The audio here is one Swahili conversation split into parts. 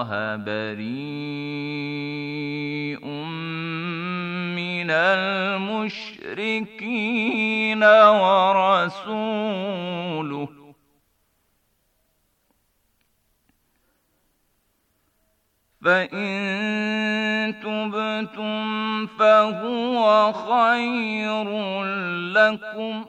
الله بريء من المشركين ورسوله فإن تبتم فهو خير لكم ۖ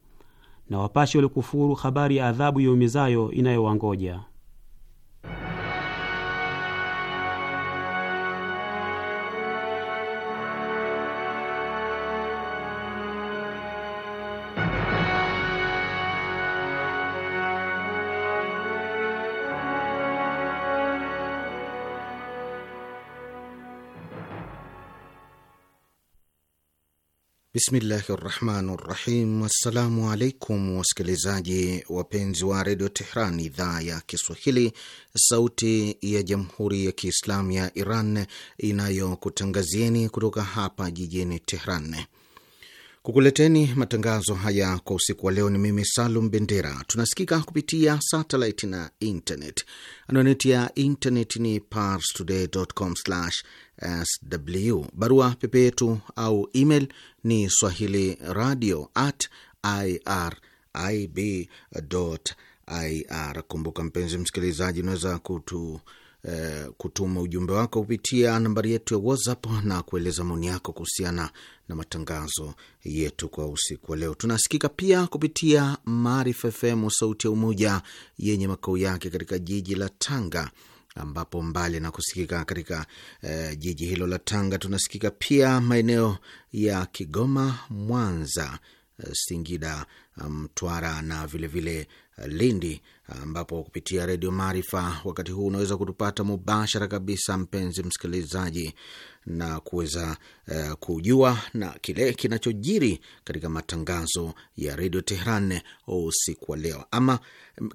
na wapashe waliokufuru habari ya adhabu yaumizayo inayowangoja. Bismillahi rahmani rahim. Assalamu alaikum wasikilizaji wapenzi wa redio Tehran, idhaa ya Kiswahili, sauti ya jamhuri ya Kiislamu ya Iran inayokutangazieni kutoka hapa jijini Tehran kukuleteni matangazo haya kwa usiku wa leo. Ni mimi Salum Bendera. Tunasikika kupitia satellite na internet. Anwani ya internet ni parstoday.com/sw. Barua pepe yetu au email ni swahili radio at irib.ir. Kumbuka mpenzi msikilizaji, unaweza kutu Eh, kutuma ujumbe wako kupitia nambari yetu ya WhatsApp na kueleza maoni yako kuhusiana na matangazo yetu kwa usiku wa leo. Tunasikika pia kupitia Maarifa FM, sauti ya Umoja, yenye makao yake katika jiji la Tanga ambapo mbali na kusikika katika eh, jiji hilo la Tanga, tunasikika pia maeneo ya Kigoma, Mwanza, eh, Singida, Mtwara na vilevile Lindi, ambapo kupitia Redio Maarifa wakati huu unaweza kutupata mubashara kabisa, mpenzi msikilizaji, na kuweza eh, kujua na kile kinachojiri katika matangazo ya Redio Tehran usiku wa leo. Ama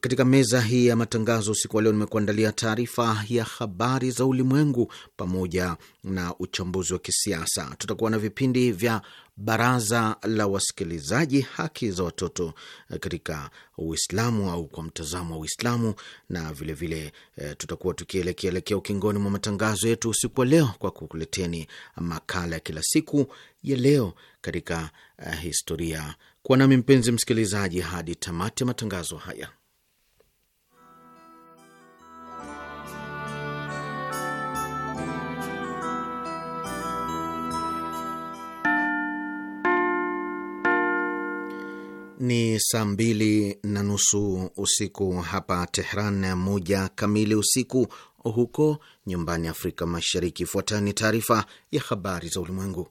katika meza hii ya matangazo usiku wa leo nimekuandalia taarifa ya habari za ulimwengu pamoja na uchambuzi wa kisiasa. Tutakuwa na vipindi vya baraza la wasikilizaji haki za watoto katika Uislamu au kwa mtazamo wa Uislamu, na vilevile vile, e, tutakuwa tukielekeelekea ukingoni mwa matangazo yetu usiku wa leo kwa kukuleteni makala ya kila siku ya leo katika uh, historia. Kuwa nami mpenzi msikilizaji hadi tamati ya matangazo haya. ni saa mbili na nusu usiku hapa Tehran, moja kamili usiku huko nyumbani Afrika Mashariki. Ifuatayo ni taarifa ya habari za ulimwengu,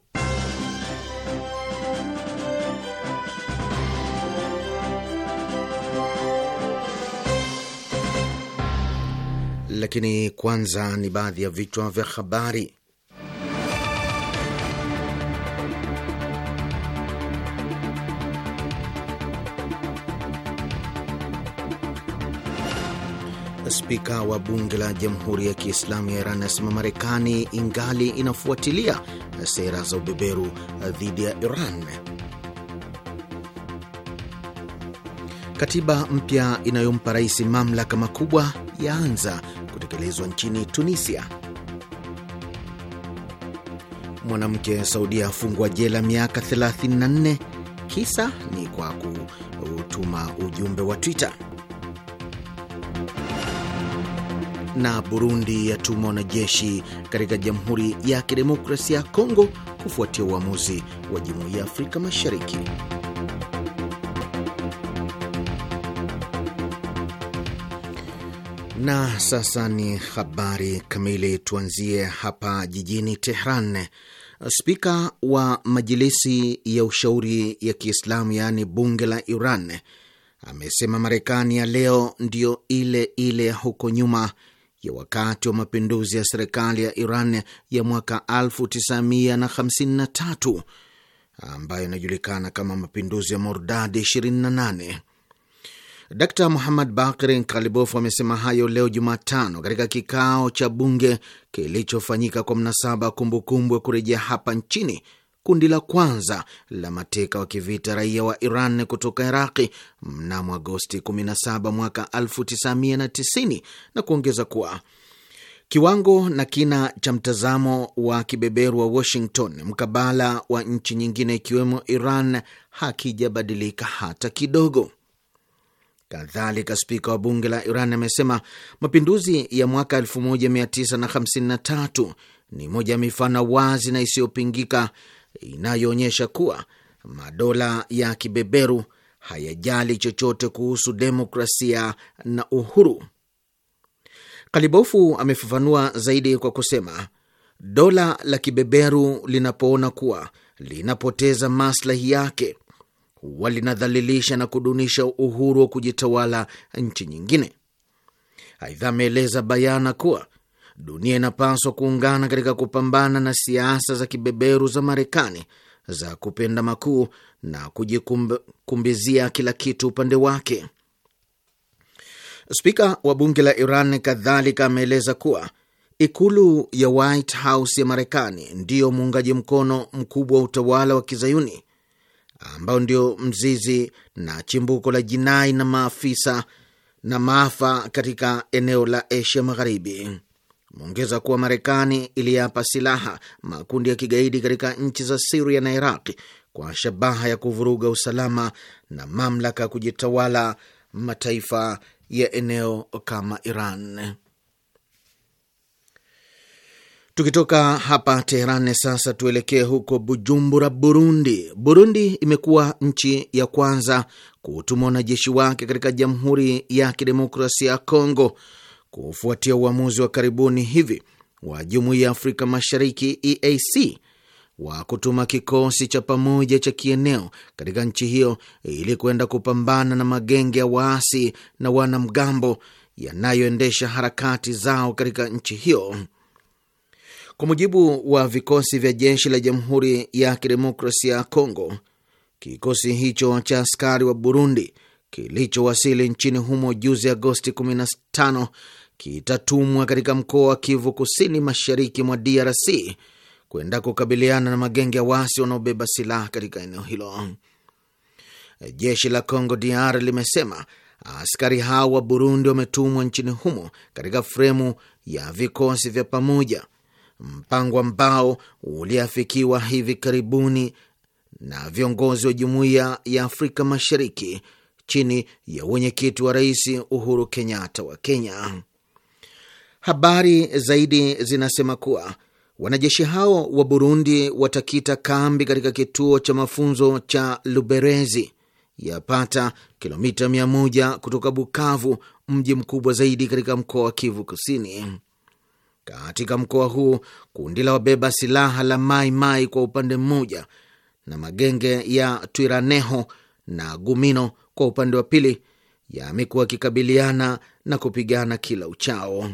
lakini kwanza ni baadhi ya vichwa vya habari. Spika wa bunge la Jamhuri ya Kiislamu ya Iran anasema Marekani ingali inafuatilia sera za ubeberu dhidi ya Iran. Katiba mpya inayompa rais mamlaka makubwa yaanza kutekelezwa nchini Tunisia. Mwanamke Saudia afungwa jela miaka 34 kisa ni kwa kutuma ujumbe wa Twitter. na Burundi yatuma wanajeshi katika Jamhuri ya Kidemokrasia ya Kongo kufuatia uamuzi wa Jumuiya ya Afrika Mashariki. Na sasa ni habari kamili. Tuanzie hapa jijini Tehran. Spika wa Majilisi ya Ushauri ya Kiislamu, yaani bunge la Iran, amesema Marekani ya leo ndiyo ile ile huko nyuma ya wakati wa mapinduzi ya serikali ya Iran ya mwaka 1953 ambayo inajulikana kama mapinduzi ya Mordadi 28. Dkt Muhammad Bakri Kalibof amesema hayo leo Jumatano katika kikao cha bunge kilichofanyika kwa mnasaba kumbukumbu ya kurejea hapa nchini kundi la kwanza la mateka wa kivita raia wa Iran kutoka Iraqi mnamo Agosti 17 mwaka 1990 na kuongeza kuwa kiwango na kina cha mtazamo wa kibeberu wa Washington mkabala wa nchi nyingine ikiwemo Iran hakijabadilika hata kidogo. Kadhalika, spika wa bunge la Iran amesema mapinduzi ya mwaka 1953 ni moja ya mifano wazi na isiyopingika inayoonyesha kuwa madola ya kibeberu hayajali chochote kuhusu demokrasia na uhuru. Kalibofu amefafanua zaidi kwa kusema, dola la kibeberu linapoona kuwa linapoteza maslahi yake huwa linadhalilisha na kudunisha uhuru wa kujitawala nchi nyingine. Aidha, ameeleza bayana kuwa dunia inapaswa kuungana katika kupambana na siasa za kibeberu za Marekani za kupenda makuu na kujikumbizia kila kitu upande wake. Spika wa bunge la Iran kadhalika ameeleza kuwa ikulu ya White House ya Marekani ndiyo muungaji mkono mkubwa wa utawala wa kizayuni ambao ndio mzizi na chimbuko la jinai na maafisa na maafa katika eneo la Asia Magharibi. Ameongeza kuwa Marekani iliyapa silaha makundi ya kigaidi katika nchi za Siria na Iraqi kwa shabaha ya kuvuruga usalama na mamlaka ya kujitawala mataifa ya eneo kama Iran. Tukitoka hapa Teheran sasa tuelekee huko Bujumbura, Burundi. Burundi imekuwa nchi ya kwanza kutuma wanajeshi wake katika Jamhuri ya Kidemokrasia ya Kongo kufuatia uamuzi wa karibuni hivi wa Jumuiya ya Afrika Mashariki EAC wa kutuma kikosi cha pamoja cha kieneo katika nchi hiyo ili kuenda kupambana na magenge ya waasi na wanamgambo yanayoendesha harakati zao katika nchi hiyo. Kwa mujibu wa vikosi vya jeshi la Jamhuri ya Kidemokrasia ya Kongo, kikosi hicho cha askari wa Burundi kilichowasili nchini humo juzi Agosti 15 kitatumwa katika mkoa wa Kivu Kusini, mashariki mwa DRC kwenda kukabiliana na magenge ya waasi wanaobeba silaha katika eneo hilo. Jeshi la Congo DR limesema askari hao wa Burundi wametumwa nchini humo katika fremu ya vikosi vya pamoja, mpango ambao uliafikiwa hivi karibuni na viongozi wa Jumuiya ya Afrika Mashariki chini ya wenyekiti wa Rais Uhuru Kenyatta wa Kenya. Habari zaidi zinasema kuwa wanajeshi hao wa Burundi watakita kambi katika kituo cha mafunzo cha Luberezi, yapata kilomita mia moja kutoka Bukavu, mji mkubwa zaidi katika mkoa wa Kivu Kusini. Katika mkoa huu kundi la wabeba silaha la Mai Mai kwa upande mmoja na magenge ya Twiraneho na Gumino kwa upande wa pili yamekuwa yakikabiliana na kupigana kila uchao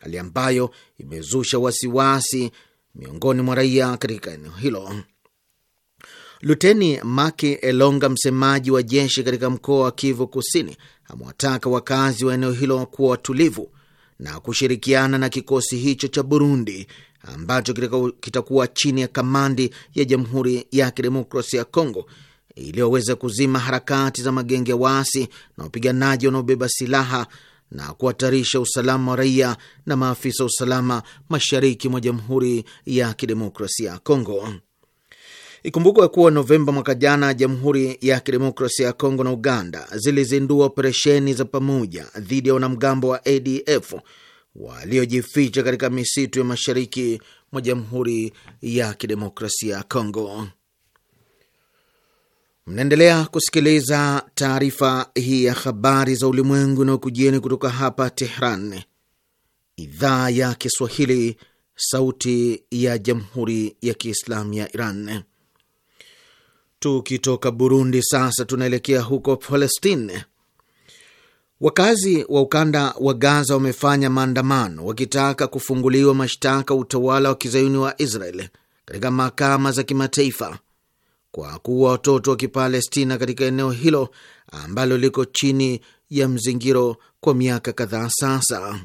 hali ambayo imezusha wasiwasi miongoni mwa raia katika eneo hilo. Luteni Maki Elonga, msemaji wa jeshi katika mkoa wa Kivu Kusini, amewataka wakazi wa eneo hilo kuwa watulivu na kushirikiana na kikosi hicho cha Burundi ambacho kitakuwa chini ya kamandi ya Jamhuri ya Kidemokrasia ya Kongo ili waweze kuzima harakati za magenge ya waasi na wapiganaji wanaobeba silaha na kuhatarisha usalama wa raia na maafisa wa usalama mashariki mwa Jamhuri ya Kidemokrasia ya Kongo. Ikumbukwe kuwa Novemba mwaka jana, Jamhuri ya Kidemokrasia ya Kongo na Uganda zilizindua operesheni za pamoja dhidi ya wanamgambo wa ADF waliojificha katika misitu ya mashariki mwa Jamhuri ya Kidemokrasia ya Kongo. Mnaendelea kusikiliza taarifa hii ya habari za ulimwengu na ukujieni kutoka hapa Tehran, idhaa ya Kiswahili, sauti ya jamhuri ya kiislamu ya Iran. Tukitoka Burundi sasa tunaelekea huko Palestine. Wakazi wa ukanda wa Gaza wamefanya maandamano wakitaka kufunguliwa mashtaka utawala wa kizayuni wa Israel katika mahakama za kimataifa kwa kuua watoto wa Kipalestina katika eneo hilo ambalo liko chini ya mzingiro kwa miaka kadhaa sasa.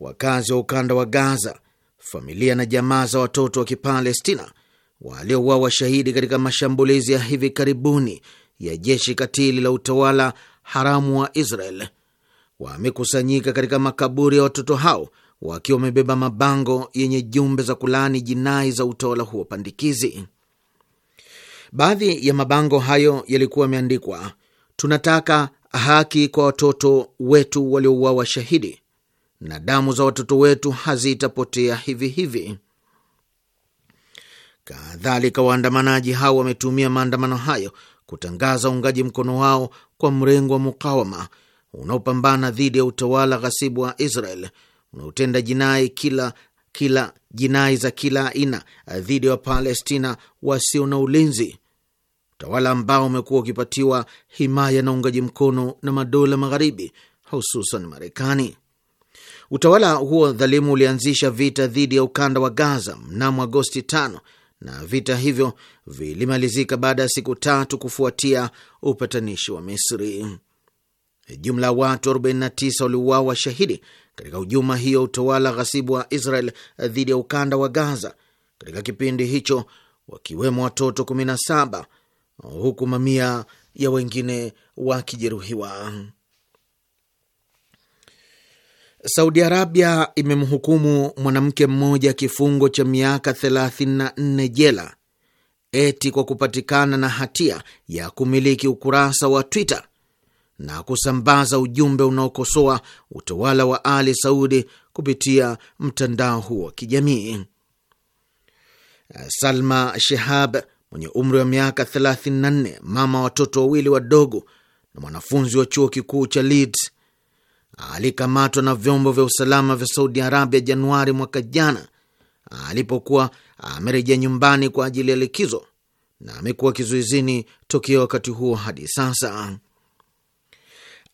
Wakazi wa ukanda wa Gaza, familia na jamaa za watoto wa Kipalestina waliouawa washahidi katika mashambulizi ya hivi karibuni ya jeshi katili la utawala haramu wa Israel wamekusanyika katika makaburi ya watoto hao wakiwa wamebeba mabango yenye jumbe za kulaani jinai za utawala huo pandikizi. Baadhi ya mabango hayo yalikuwa yameandikwa, tunataka haki kwa watoto wetu waliouawa shahidi, na damu za watoto wetu hazitapotea hivi hivi. Kadhalika, waandamanaji hao wametumia maandamano hayo kutangaza uungaji mkono wao kwa mrengo wa mukawama unaopambana dhidi ya utawala ghasibu wa Israel unaotenda jinai kila kila jinai za kila aina dhidi ya Wapalestina wasio na ulinzi utawala ambao umekuwa ukipatiwa himaya na uungaji mkono na madola magharibi, hususan Marekani. Utawala huo dhalimu ulianzisha vita dhidi ya ukanda wa Gaza mnamo Agosti 5 na vita hivyo vilimalizika baada ya siku tatu kufuatia upatanishi wa Misri. Jumla ya watu 49 waliuawa shahidi katika hujuma hiyo utawala ghasibu wa Israel dhidi ya ukanda wa Gaza katika kipindi hicho, wakiwemo watoto 17 huku mamia ya wengine wakijeruhiwa. Saudi Arabia imemhukumu mwanamke mmoja kifungo cha miaka 34 jela eti kwa kupatikana na hatia ya kumiliki ukurasa wa Twitter na kusambaza ujumbe unaokosoa utawala wa Ali Saudi kupitia mtandao huo wa kijamii. Salma Shehab mwenye umri wa miaka 34, mama watoto wawili wadogo na mwanafunzi wa chuo kikuu cha Leeds alikamatwa na vyombo vya usalama vya Saudi Arabia Januari mwaka jana alipokuwa amerejea nyumbani kwa ajili ya likizo na amekuwa kizuizini tokea wakati huo hadi sasa.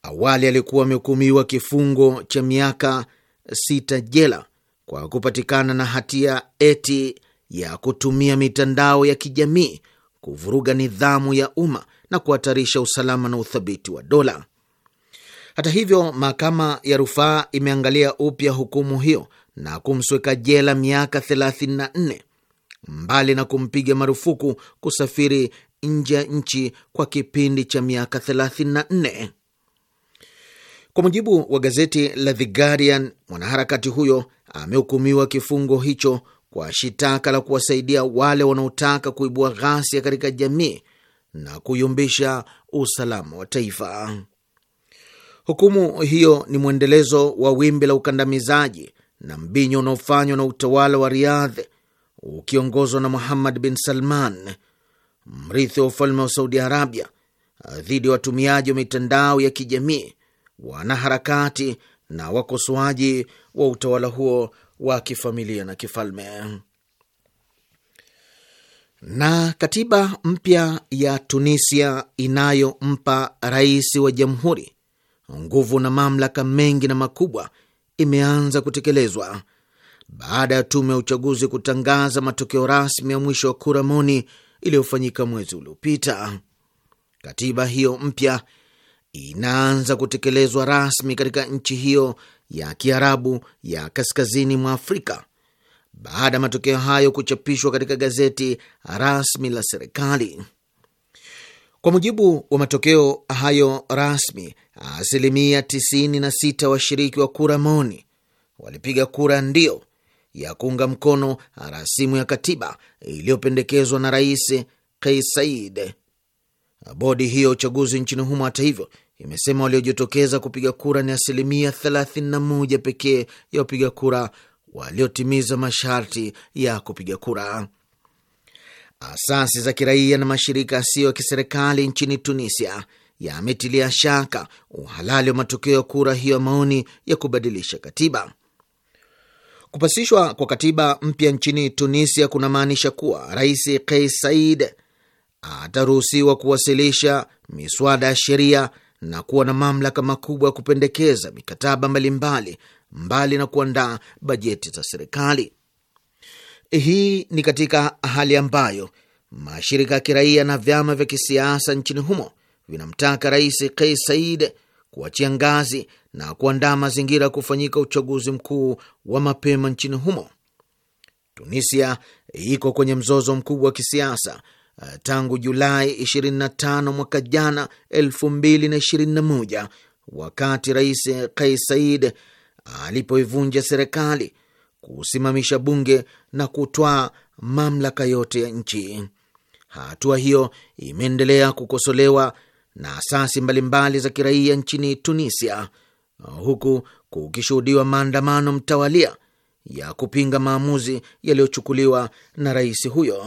Awali alikuwa amehukumiwa kifungo cha miaka sita jela kwa kupatikana na hatia eti ya kutumia mitandao ya kijamii kuvuruga nidhamu ya umma na kuhatarisha usalama na uthabiti wa dola. Hata hivyo, mahakama ya rufaa imeangalia upya hukumu hiyo na kumsweka jela miaka 34 mbali na kumpiga marufuku kusafiri nje ya nchi kwa kipindi cha miaka 34. Kwa mujibu wa gazeti la The Guardian, mwanaharakati huyo amehukumiwa kifungo hicho kwa shitaka la kuwasaidia wale wanaotaka kuibua ghasia katika jamii na kuyumbisha usalama wa taifa. Hukumu hiyo ni mwendelezo wa wimbi la ukandamizaji na mbinyo unaofanywa na utawala wa Riyadh ukiongozwa na Muhammad bin Salman, mrithi wa ufalme wa Saudi Arabia, dhidi ya watumiaji wa mitandao ya kijamii, wanaharakati na wakosoaji wa utawala huo wa kifamilia na kifalme. Na katiba mpya ya Tunisia inayompa rais wa jamhuri nguvu na mamlaka mengi na makubwa imeanza kutekelezwa baada ya tume ya uchaguzi kutangaza matokeo rasmi ya mwisho wa kura moni iliyofanyika mwezi uliopita. Katiba hiyo mpya inaanza kutekelezwa rasmi katika nchi hiyo ya Kiarabu ya kaskazini mwa Afrika. Baada ya matokeo hayo kuchapishwa katika gazeti rasmi la serikali, kwa mujibu wa matokeo hayo rasmi, asilimia 96 washiriki wa kura maoni walipiga kura ndio ya kuunga mkono rasimu ya katiba iliyopendekezwa na Rais Kais Saied. Bodi hiyo uchaguzi nchini humo, hata hivyo, imesema waliojitokeza kupiga kura ni asilimia 31 pekee ya wapiga kura waliotimiza masharti ya kupiga kura. Asasi za kiraia na mashirika yasiyo ya kiserikali nchini Tunisia yametilia shaka uhalali wa matokeo ya kura hiyo ya maoni ya kubadilisha katiba. Kupasishwa kwa katiba mpya nchini Tunisia kunamaanisha kuwa rais Kais Said ataruhusiwa kuwasilisha miswada ya sheria na kuwa na mamlaka makubwa ya kupendekeza mikataba mbalimbali mbali na kuandaa bajeti za serikali. Hii ni katika hali ambayo mashirika ya kiraia na vyama vya kisiasa nchini humo vinamtaka Rais Kais Saied kuachia ngazi na kuandaa mazingira ya kufanyika uchaguzi mkuu wa mapema nchini humo. Tunisia iko kwenye mzozo mkubwa wa kisiasa Uh, tangu Julai 25 mwaka jana 2021 wakati Rais Kais Saied uh, alipoivunja serikali, kusimamisha bunge na kutwaa mamlaka yote ya nchi. Hatua hiyo imeendelea kukosolewa na asasi mbalimbali za kiraia nchini Tunisia, uh, huku kukishuhudiwa maandamano mtawalia ya kupinga maamuzi yaliyochukuliwa na rais huyo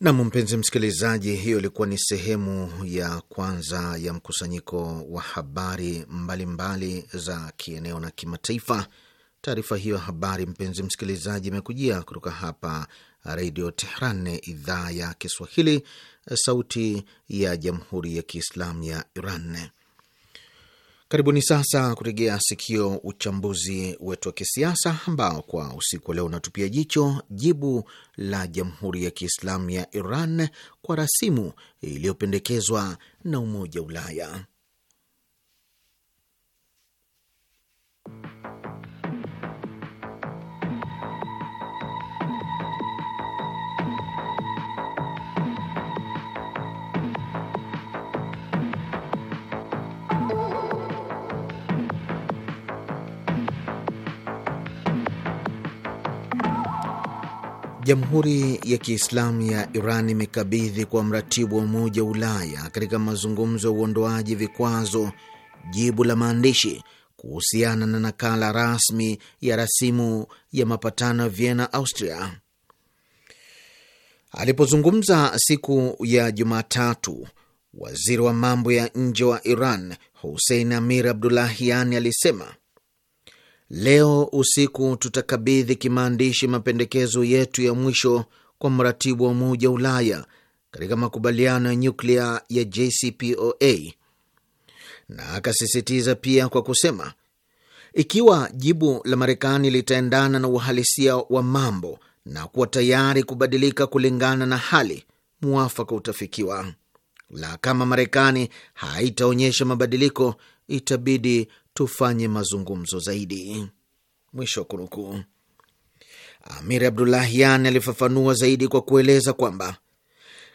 Nam, mpenzi msikilizaji, hiyo ilikuwa ni sehemu ya kwanza ya mkusanyiko wa habari mbalimbali mbali za kieneo na kimataifa. Taarifa hiyo ya habari, mpenzi msikilizaji, imekujia kutoka hapa Redio Tehran, idhaa ya Kiswahili, sauti ya Jamhuri ya Kiislamu ya Iran. Karibuni sasa kutegea sikio uchambuzi wetu wa kisiasa ambao kwa usiku wa leo unatupia jicho jibu la Jamhuri ya Kiislamu ya Iran kwa rasimu iliyopendekezwa na Umoja wa Ulaya. Jamhuri ya Kiislamu ya Iran imekabidhi kwa mratibu wa Umoja wa Ulaya katika mazungumzo ya uondoaji vikwazo jibu la maandishi kuhusiana na nakala rasmi ya rasimu ya mapatano ya Vienna, Austria. Alipozungumza siku ya Jumatatu, waziri wa mambo ya nje wa Iran Hussein Amir Abdulahiani alisema Leo usiku tutakabidhi kimaandishi mapendekezo yetu ya mwisho kwa mratibu wa Umoja wa Ulaya katika makubaliano ya nyuklia ya JCPOA, na akasisitiza pia kwa kusema, ikiwa jibu la Marekani litaendana na uhalisia wa mambo na kuwa tayari kubadilika kulingana na hali, mwafaka utafikiwa, la kama Marekani haitaonyesha mabadiliko, itabidi tufanye mazungumzo zaidi. Mwisho wa kunukuu. Amir Abdullahian alifafanua zaidi kwa kueleza kwamba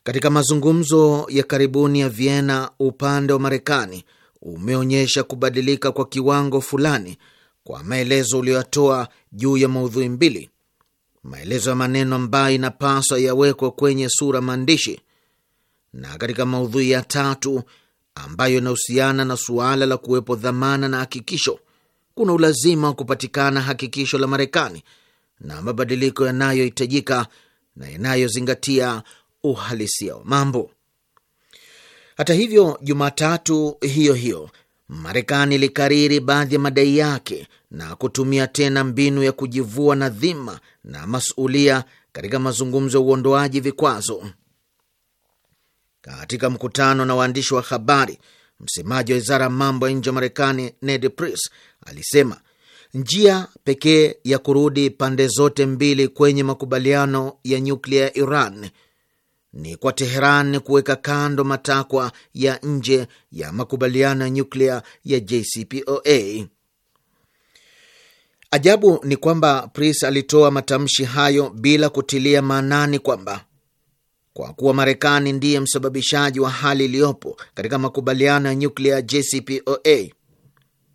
katika mazungumzo ya karibuni ya Vienna, upande wa Marekani umeonyesha kubadilika kwa kiwango fulani kwa maelezo uliyoyatoa juu ya maudhui mbili, maelezo ya maneno ambayo inapaswa yawekwa kwenye sura maandishi, na katika maudhui ya tatu ambayo inahusiana na suala la kuwepo dhamana na hakikisho, kuna ulazima wa kupatikana hakikisho la Marekani na mabadiliko yanayohitajika na yanayozingatia uhalisia wa mambo. Hata hivyo, Jumatatu hiyo hiyo Marekani ilikariri baadhi ya madai yake na kutumia tena mbinu ya kujivua na dhima na masulia katika mazungumzo ya uondoaji vikwazo. Katika mkutano na waandishi wa habari, msemaji wa wizara ya mambo ya nje wa Marekani Ned Price alisema njia pekee ya kurudi pande zote mbili kwenye makubaliano ya nyuklia ya Iran ni kwa Teheran kuweka kando matakwa ya nje ya makubaliano ya nyuklia ya JCPOA. Ajabu ni kwamba Price alitoa matamshi hayo bila kutilia maanani kwamba kwa kuwa Marekani ndiye msababishaji wa hali iliyopo katika makubaliano ya nyuklia JCPOA,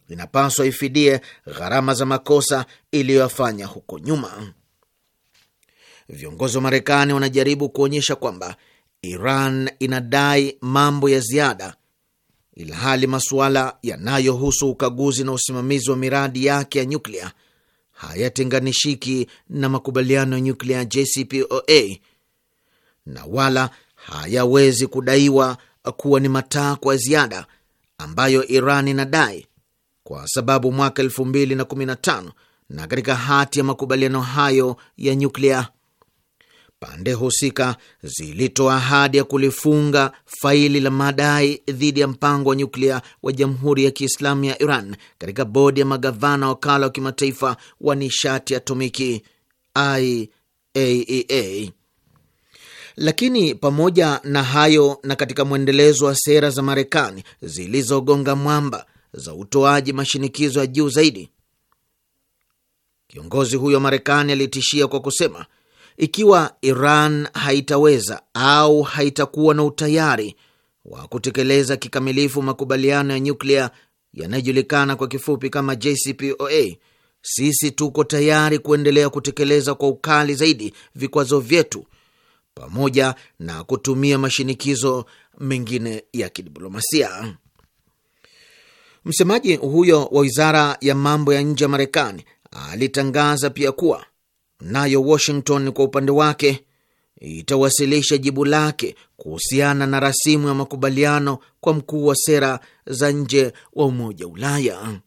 inapaswa ifidie gharama za makosa iliyoyafanya huko nyuma. Viongozi wa Marekani wanajaribu kuonyesha kwamba Iran inadai mambo ya ziada, ilhali masuala yanayohusu ukaguzi na usimamizi wa miradi yake ya nyuklia hayatenganishiki na makubaliano ya nyuklia JCPOA na wala hayawezi kudaiwa kuwa ni matakwa ya ziada ambayo Iran inadai kwa sababu mwaka 2015 na katika hati ya makubaliano hayo ya nyuklia pande husika zilitoa ahadi ya kulifunga faili la madai dhidi ya mpango wa nyuklia wa Jamhuri ya Kiislamu ya Iran katika bodi ya magavana wakala wa kimataifa wa nishati atomiki IAEA. E lakini pamoja na hayo, na katika mwendelezo wa sera za Marekani zilizogonga mwamba za utoaji mashinikizo ya juu zaidi, kiongozi huyo Marekani alitishia kwa kusema, ikiwa Iran haitaweza au haitakuwa na utayari wa kutekeleza kikamilifu makubaliano ya nyuklia yanayojulikana kwa kifupi kama JCPOA, sisi tuko tayari kuendelea kutekeleza kwa ukali zaidi vikwazo vyetu pamoja na kutumia mashinikizo mengine ya kidiplomasia. Msemaji huyo wa wizara ya mambo ya nje ya Marekani alitangaza pia kuwa nayo Washington kwa upande wake itawasilisha jibu lake kuhusiana na rasimu ya makubaliano kwa mkuu wa sera za nje wa Umoja wa Ulaya.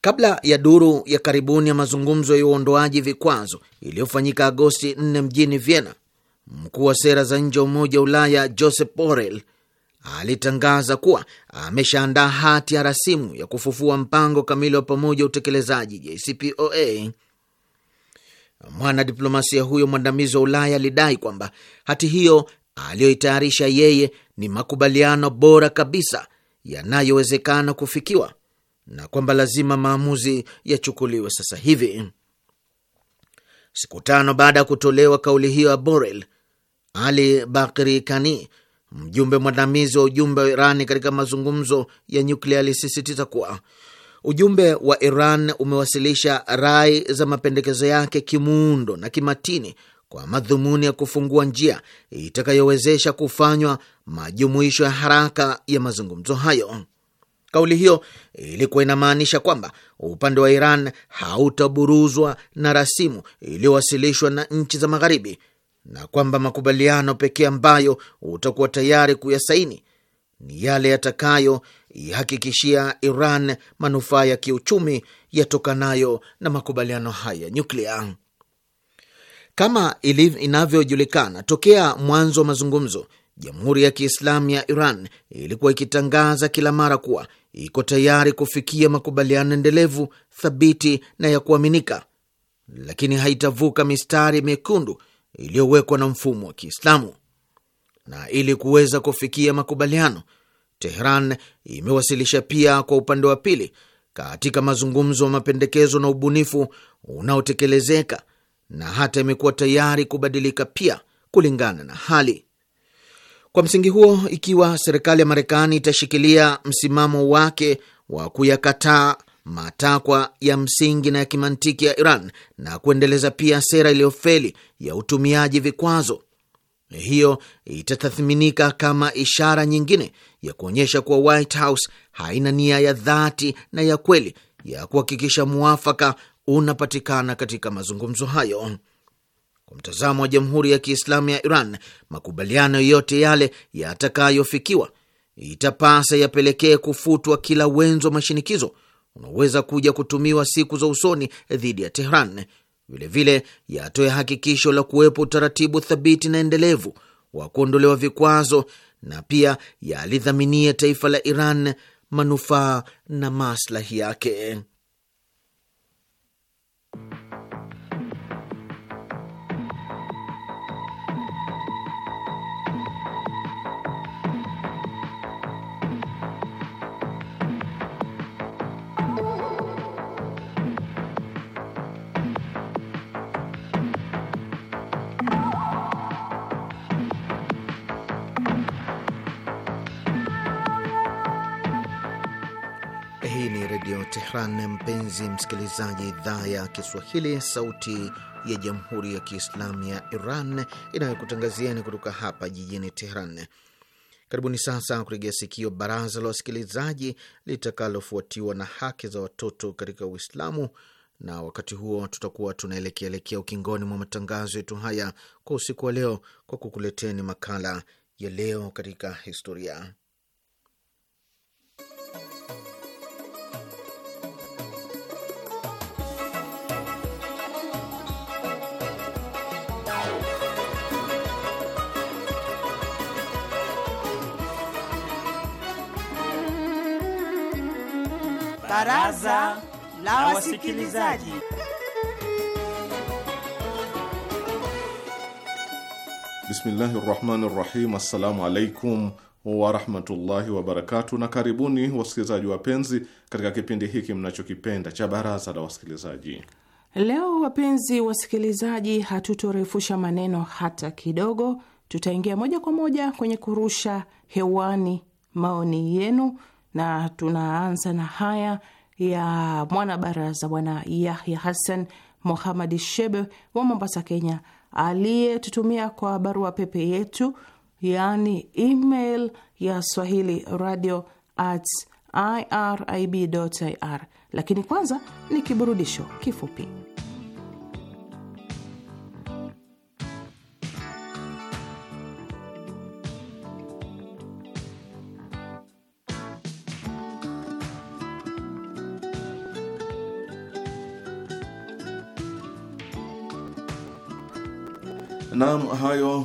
Kabla ya duru ya karibuni ya mazungumzo ya uondoaji vikwazo iliyofanyika Agosti 4 mjini Vienna, mkuu wa sera za nje wa Umoja wa Ulaya Joseph Borrell alitangaza kuwa ameshaandaa hati ya rasimu ya kufufua mpango kamili wa pamoja wa utekelezaji JCPOA. Mwanadiplomasia huyo mwandamizi wa Ulaya alidai kwamba hati hiyo aliyoitayarisha yeye ni makubaliano bora kabisa yanayowezekana kufikiwa na kwamba lazima maamuzi yachukuliwe sasa hivi. Siku tano baada ya kutolewa kauli hiyo ya Borrell, ali Bakri Kani, mjumbe mwandamizi wa ujumbe wa Irani katika mazungumzo ya nyuklia, alisisitiza kuwa ujumbe wa Iran umewasilisha rai za mapendekezo yake kimuundo na kimatini kwa madhumuni ya kufungua njia itakayowezesha kufanywa majumuisho ya haraka ya mazungumzo hayo. Kauli hiyo ilikuwa inamaanisha kwamba upande wa Iran hautaburuzwa na rasimu iliyowasilishwa na nchi za Magharibi na kwamba makubaliano pekee ambayo utakuwa tayari kuyasaini ni yale yatakayoihakikishia Iran manufaa ya kiuchumi yatokanayo na makubaliano haya ya nyuklia. Kama inavyojulikana, tokea mwanzo wa mazungumzo, Jamhuri ya Kiislamu ya Iran ilikuwa ikitangaza kila mara kuwa iko tayari kufikia makubaliano endelevu, thabiti na ya kuaminika, lakini haitavuka mistari mekundu iliyowekwa na mfumo wa Kiislamu, na ili kuweza kufikia makubaliano, Tehran imewasilisha pia kwa upande wa pili katika mazungumzo ya mapendekezo na ubunifu unaotekelezeka na hata imekuwa tayari kubadilika pia kulingana na hali. Kwa msingi huo, ikiwa serikali ya Marekani itashikilia msimamo wake wa kuyakataa matakwa ya msingi na ya kimantiki ya Iran na kuendeleza pia sera iliyofeli ya utumiaji vikwazo. Hiyo itatathminika kama ishara nyingine ya kuonyesha kuwa White House haina nia ya dhati na ya kweli ya kuhakikisha mwafaka unapatikana katika mazungumzo hayo. Kwa mtazamo wa Jamhuri ya Kiislamu ya Iran, makubaliano yote yale yatakayofikiwa itapasa yapelekee kufutwa kila wenzo wa mashinikizo unaweza kuja kutumiwa siku za usoni dhidi ya Tehran. Vilevile yatoe hakikisho la kuwepo utaratibu thabiti na endelevu wa kuondolewa vikwazo na pia yalidhaminie taifa la Iran manufaa na maslahi yake. shukran mpenzi msikilizaji. Idhaa ya Kiswahili, Sauti ya Jamhuri ya Kiislamu ya Iran inayokutangazieni kutoka hapa jijini Teheran. Karibuni sasa kurejea sikio Baraza la Wasikilizaji litakalofuatiwa na haki za watoto katika Uislamu, na wakati huo tutakuwa tunaelekeaelekea ukingoni mwa matangazo yetu haya kwa usiku wa leo kwa kukuleteni makala ya leo katika historia. Baraza la Wasikilizaji. Bismillahi rahmani rahim. Assalamu alaikum warahmatullahi wabarakatu, na karibuni wasikilizaji wapenzi katika kipindi hiki mnachokipenda cha Baraza la Wasikilizaji. Leo wapenzi wasikilizaji, hatutorefusha maneno hata kidogo, tutaingia moja kwa moja kwenye kurusha hewani maoni yenu na tunaanza na haya ya mwanabaraza Bwana Yahya Hassan Mohamadi Shebe wa Mombasa, Kenya, aliyetutumia kwa barua pepe yetu yaani email ya swahili radio at irib.ir. Lakini kwanza ni kiburudisho kifupi. hayo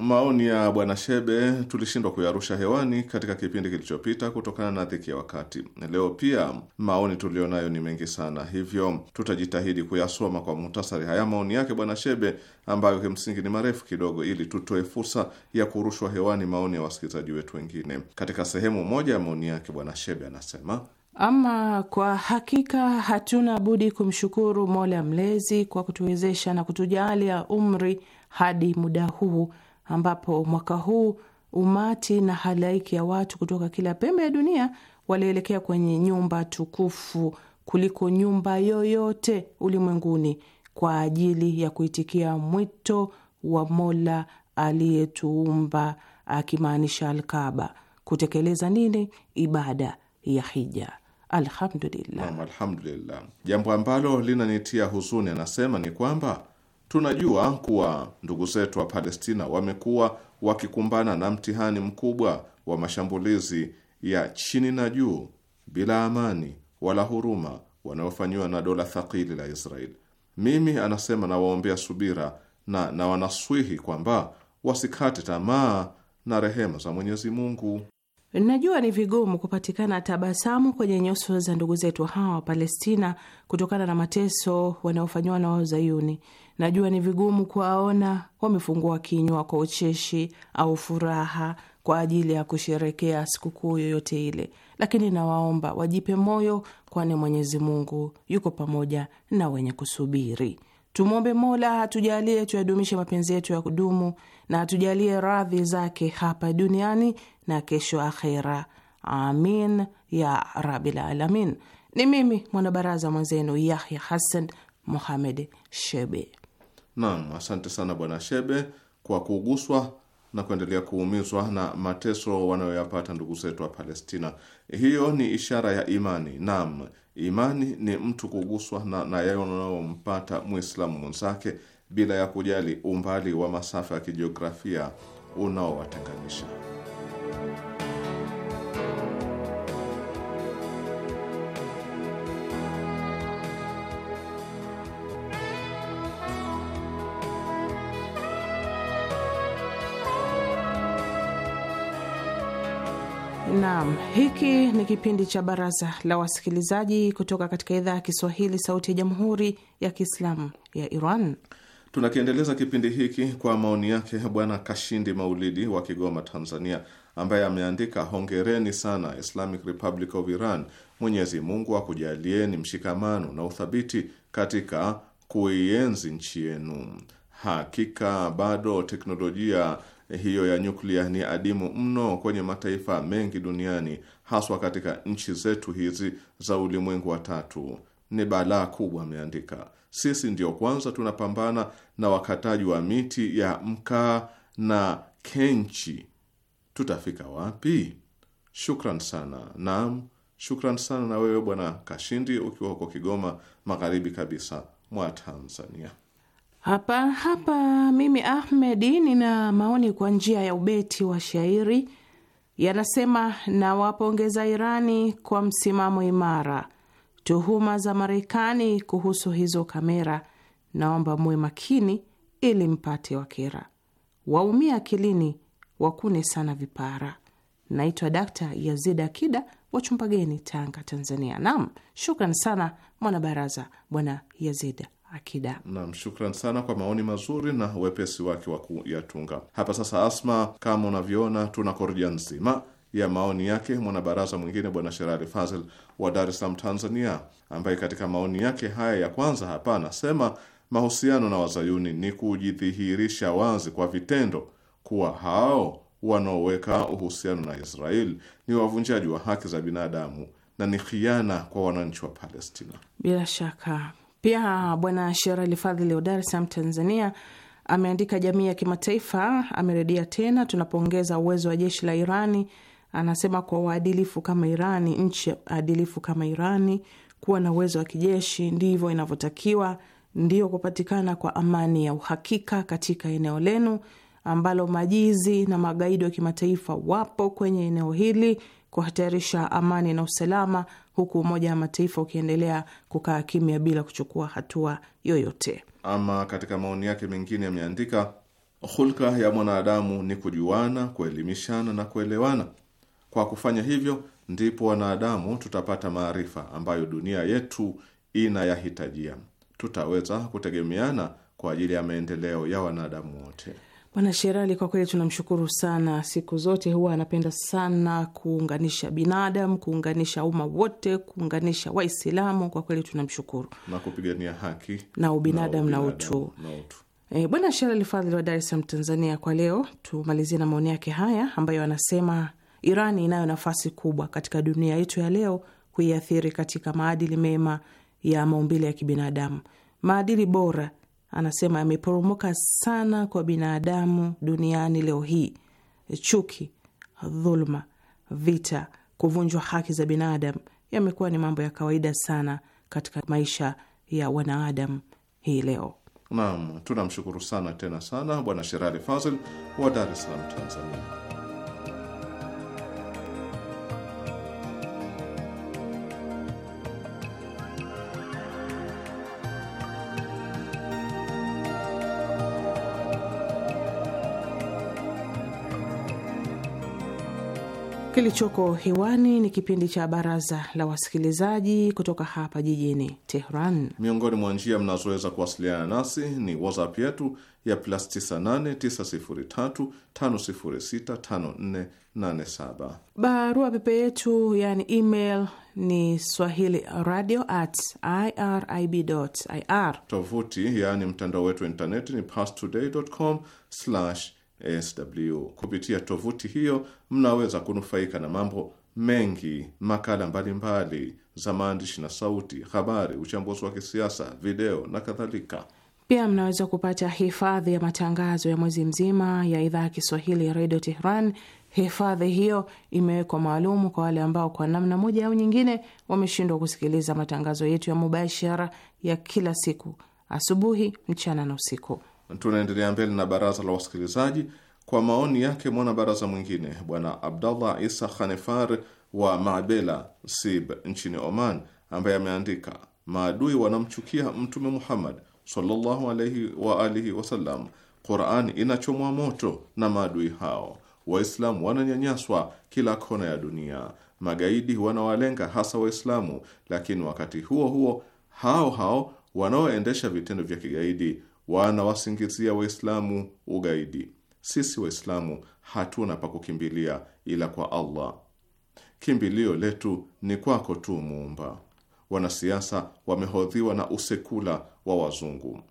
maoni ya bwana Shebe tulishindwa kuyarusha hewani katika kipindi kilichopita kutokana na dhiki ya wakati. Leo pia maoni tuliyonayo ni mengi sana, hivyo tutajitahidi kuyasoma kwa muhtasari haya maoni yake bwana Shebe ambayo kimsingi ni marefu kidogo, ili tutoe fursa ya kurushwa hewani maoni ya wasikilizaji wetu wengine. Katika sehemu moja ya maoni yake bwana Shebe anasema: ama kwa hakika hatuna budi kumshukuru Mola Mlezi kwa kutuwezesha na kutujalia umri hadi muda huu ambapo mwaka huu umati na halaiki ya watu kutoka kila pembe ya dunia walielekea kwenye nyumba tukufu kuliko nyumba yoyote ulimwenguni kwa ajili ya kuitikia mwito wa Mola aliyetuumba, akimaanisha Alkaba, kutekeleza nini? Ibada ya hija. Alhamdulillah, alhamdulillah. Jambo ambalo linanitia huzuni, anasema ni kwamba Tunajua kuwa ndugu zetu wa Palestina wamekuwa wakikumbana na mtihani mkubwa wa mashambulizi ya chini na juu bila amani wala huruma wanaofanyiwa na dola thakili la Israel. Mimi anasema nawaombea subira na na wanaswihi kwamba wasikate tamaa na rehema za Mwenyezi Mungu. Najua ni vigumu kupatikana tabasamu kwenye nyuso za ndugu zetu hawa wa Palestina kutokana na mateso wanaofanyiwa na Wazayuni. Najua ni vigumu kuwaona wamefungua kinywa kwa ucheshi au furaha kwa ajili ya kusherekea sikukuu yoyote ile, lakini nawaomba wajipe moyo, kwani Mwenyezi Mungu yuko pamoja na wenye kusubiri. Tumwombe Mola atujalie tuyadumishe mapenzi yetu ya kudumu na atujalie radhi zake hapa duniani na kesho akhera. Amin ya rabil alamin. Ni mimi mwanabaraza mwenzenu Yahya Hassan Muhamed Shebe. Naam, asante sana Bwana Shebe kwa kuguswa na kuendelea kuumizwa na mateso wanayoyapata ndugu zetu wa Palestina. Hiyo ni ishara ya imani. Naam, imani ni mtu kuguswa na, na yanayompata Muislamu mwenzake bila ya kujali umbali wa masafa ya kijiografia unaowatenganisha. Naam, hiki ni kipindi cha Baraza la Wasikilizaji kutoka katika idhaa ya Kiswahili, Sauti ya Jamhuri ya Kiislamu ya Iran. Tunakiendeleza kipindi hiki kwa maoni yake Bwana Kashindi Maulidi wa Kigoma, Tanzania, ambaye ameandika hongereni sana Islamic Republic of Iran. Mwenyezi Mungu akujalieni mshikamano na uthabiti katika kuienzi nchi yenu. Hakika bado teknolojia hiyo ya nyuklia ni adimu mno kwenye mataifa mengi duniani, haswa katika nchi zetu hizi za ulimwengu wa tatu. Ni balaa kubwa, ameandika. Sisi ndiyo kwanza tunapambana na wakataji wa miti ya mkaa na kenchi. Tutafika wapi? Shukran sana. Naam, shukran sana na wewe bwana Kashindi, ukiwa huko Kigoma, magharibi kabisa mwa Tanzania. Hapa hapa mimi Ahmedi nina maoni kwa njia ya ubeti wa shairi yanasema: nawapongeza Irani kwa msimamo imara, tuhuma za Marekani kuhusu hizo kamera, naomba muwe makini ili mpate wakera, waumia akilini, wakune sana vipara. Naitwa Dakta Yazid Akida wachumbageni Tanga, Tanzania. Nam, shukran sana mwanabaraza Bwana Yazida akida. Nam, shukran sana kwa maoni mazuri na wepesi wake wa kuyatunga. Hapa sasa, Asma, kama unavyoona, tuna korja nzima ya maoni yake mwanabaraza mwingine Bwana Sherali Fazil wa Dar es Salaam, Tanzania, ambaye katika maoni yake haya ya kwanza hapa anasema mahusiano na wazayuni ni kujidhihirisha wazi kwa vitendo kuwa hao wanaoweka uhusiano na Israeli ni wavunjaji wa haki za binadamu na ni khiana kwa wananchi wa Palestina. Bila shaka pia Bwana Sherali Fadhili wa Dar es Salaam, Tanzania, ameandika jamii ya kimataifa amerudia tena, tunapoongeza uwezo wa jeshi la Irani. Anasema kwa waadilifu kama Irani, nchi adilifu kama Irani kuwa na uwezo wa kijeshi ndivyo inavyotakiwa, ndio kupatikana kwa amani ya uhakika katika eneo lenu ambalo majizi na magaidi wa kimataifa wapo kwenye eneo hili kuhatarisha amani na usalama, huku Umoja wa Mataifa ukiendelea kukaa kimya bila kuchukua hatua yoyote. Ama katika maoni yake mengine yameandika, hulka ya mwanadamu ni kujuana, kuelimishana na kuelewana. Kwa kufanya hivyo, ndipo wanadamu tutapata maarifa ambayo dunia yetu inayahitajia. Tutaweza kutegemeana kwa ajili ya maendeleo ya wanadamu wote. Bwana Sherali, kwa kweli tunamshukuru sana. Siku zote huwa anapenda sana kuunganisha binadamu, kuunganisha umma wote, kuunganisha Waislamu. Kwa kweli tunamshukuru na kupigania haki na ubinadamu na utu. E, Bwana Sherali Fadhili wa Dar es Salaam, Tanzania. Kwa leo tumalizie na maoni yake haya ambayo anasema Irani inayo nafasi kubwa katika dunia yetu ya leo kuiathiri katika maadili mema ya maumbile ya kibinadamu. Maadili bora anasema yameporomoka sana kwa binadamu duniani leo hii: chuki, dhuluma, vita, kuvunjwa haki za binadamu yamekuwa ni mambo ya kawaida sana katika maisha ya wanaadamu hii leo. Naam, tunamshukuru sana tena sana Bwana Sherali Fazil wa Dar es Salaam, Tanzania. Kilichoko hewani ni kipindi cha Baraza la Wasikilizaji kutoka hapa jijini Tehran. Miongoni mwa njia mnazoweza kuwasiliana nasi ni WhatsApp yetu ya plus 989035065487, barua pepe yetu yani email ni swahili radio at irib ir, tovuti yani mtandao wetu wa intaneti ni pastoday.com slash sw. Kupitia tovuti hiyo mnaweza kunufaika na mambo mengi, makala mbalimbali mbali za maandishi na sauti, habari, uchambuzi wa kisiasa, video na kadhalika. Pia mnaweza kupata hifadhi ya matangazo ya mwezi mzima ya idhaa ya Kiswahili ya redio Tehran. Hifadhi hiyo imewekwa maalumu kwa wale ambao kwa namna moja au nyingine wameshindwa kusikiliza matangazo yetu ya mubashara ya kila siku, asubuhi, mchana na usiku. Tunaendelea mbele na baraza la wasikilizaji kwa maoni yake mwanabaraza mwingine Bwana Abdallah Isa Khanefar wa Mabela Sib nchini Oman, ambaye ameandika maadui wanamchukia Mtume Muhammad sallallahu alaihi wa alihi wasallam. Qurani inachomwa moto na maadui hao. Waislamu wananyanyaswa kila kona ya dunia. Magaidi wanawalenga hasa Waislamu, lakini wakati huo huo hao hao wanaoendesha vitendo vya kigaidi wanawasingizia Waislamu ugaidi. Sisi Waislamu hatuna pa kukimbilia ila kwa Allah. Kimbilio letu ni kwako tu, Muumba. Wanasiasa wamehodhiwa na usekula wa wazungu.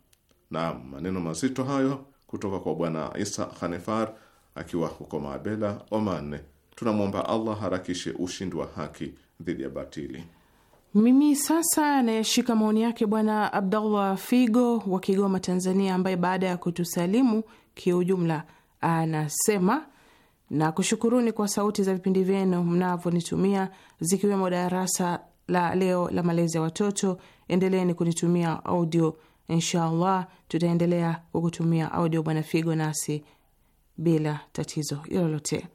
Naam, maneno mazito hayo kutoka kwa Bwana Isa Khanefar akiwa huko Maabela, Oman. Tunamwomba Allah harakishe ushindi wa haki dhidi ya batili. Mimi sasa nayeshika maoni yake Bwana Abdallah Figo wa Kigoma, Tanzania, ambaye baada ya kutusalimu kiujumla, anasema na kushukuruni kwa sauti za vipindi vyenu mnavyonitumia zikiwemo darasa la leo la malezi ya watoto. Endeleeni kunitumia audio, inshallah tutaendelea kukutumia audio Bwana Figo, nasi bila tatizo lolote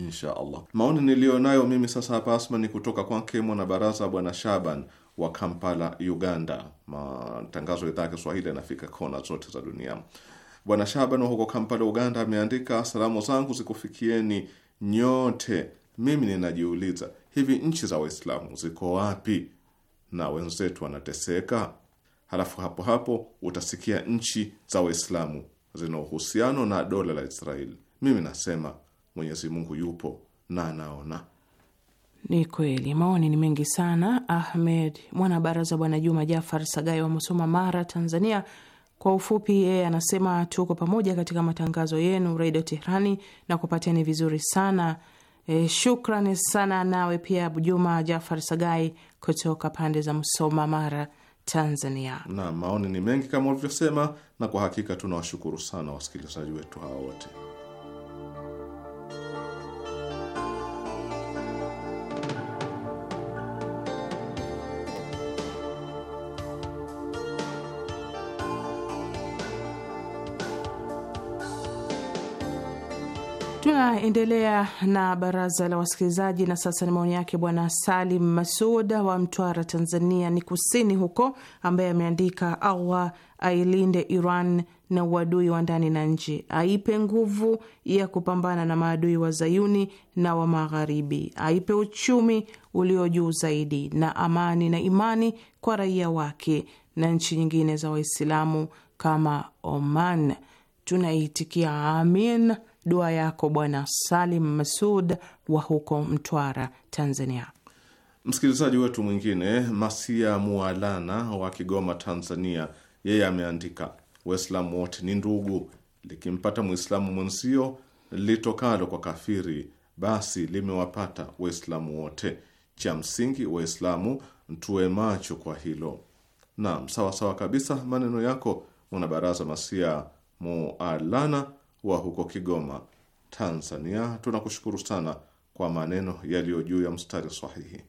insha Allah. Maoni niliyonayo mimi sasa hapa Asma ni kutoka kwake mwanabaraza Bwana Shaban wa Kampala, Uganda. Matangazo ya idhaa ya Kiswahili yanafika kona zote za dunia. Bwana Shaban huko Kampala, Uganda ameandika, salamu zangu zikufikieni nyote. Mimi ninajiuliza hivi, nchi za Waislamu ziko wapi na wenzetu wanateseka? Halafu hapo hapo utasikia nchi za Waislamu zina uhusiano na dola la Israeli. Mimi nasema Mwenyezi Mungu yupo na anaona. Ni kweli, maoni ni mengi sana. Ahmed mwanabaraza Bwana Juma Jafar Sagai wa Musoma, Mara, Tanzania, kwa ufupi yeye anasema tuko pamoja katika matangazo yenu Redio Tehrani na kupateni vizuri sana. E, shukrani sana nawe pia Juma Jafar Sagai kutoka pande za Musoma, Mara, Tanzania. Na maoni ni mengi kama ulivyosema, na kwa hakika tunawashukuru sana wasikilizaji wetu hawa wote. Tunaendelea na baraza la wasikilizaji, na sasa ni maoni yake Bwana Salim Masud wa Mtwara, Tanzania ni kusini huko, ambaye ameandika Allah ailinde Iran na uadui wa ndani na nje, aipe nguvu ya kupambana na maadui wa Zayuni na wa Magharibi, aipe uchumi ulio juu zaidi na amani na imani kwa raia wake na nchi nyingine za Waislamu kama Oman. Tunaitikia amin dua yako Bwana Salim Masud wa huko Mtwara, Tanzania. Msikilizaji wetu mwingine Masia Mualana wa Kigoma, Tanzania, yeye ameandika, Waislamu wote ni ndugu, likimpata Mwislamu mwenzio litokalo kwa kafiri, basi limewapata Waislamu wote. Cha msingi Waislamu tuwe macho kwa hilo. Naam, sawasawa kabisa maneno yako mwanabaraza Masia Mualana wa huko Kigoma, Tanzania. Tunakushukuru sana kwa maneno yaliyo juu ya mstari sahihi.